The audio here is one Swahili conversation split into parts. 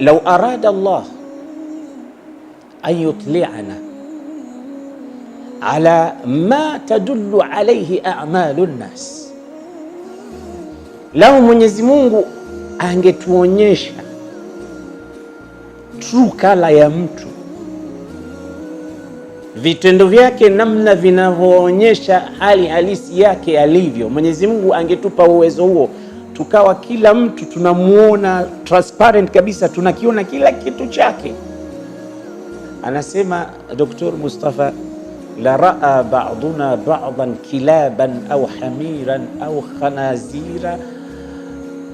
lau arada Allah an yutliana ala ma tadullu alayhi a'malu nnas, lau Mwenyezi Mungu angetuonyesha true kala ya mtu vitendo vyake namna vinavyoonyesha hali halisi yake alivyo. Mwenyezi Mungu angetupa uwezo huo tukawa kila mtu tunamuona transparent kabisa, tunakiona kila kitu chake. Anasema Dr. Mustafa, la raa ba'duna ba'dan kilaban au hamiran au khanazira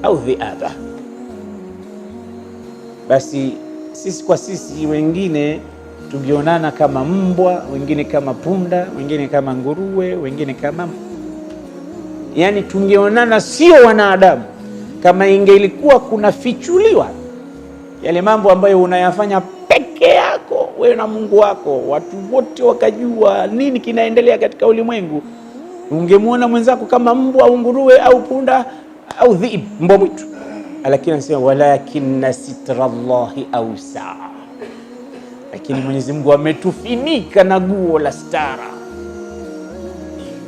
au dhiaba. Basi sisi kwa sisi wengine tungeonana kama mbwa, wengine kama punda, wengine kama nguruwe, wengine kama yani tungeonana sio wanadamu kama ingelikuwa kunafichuliwa yale mambo ambayo unayafanya peke yako wewe na Mungu wako, watu wote wakajua nini kinaendelea katika ulimwengu, ungemwona mwenzako kama mbwa au nguruwe au punda au dhiib, mbwa mwitu. Lakini anasema walakinna sitra llahi ausa, lakini Mwenyezi Mungu ametufinika na guo la stara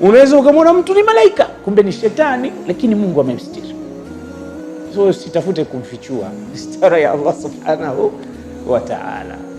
Unaweza ukamwona mtu ni malaika, kumbe ni shetani, lakini Mungu amemstiri. So sitafute kumfichua stara ya Allah subhanahu wa ta'ala.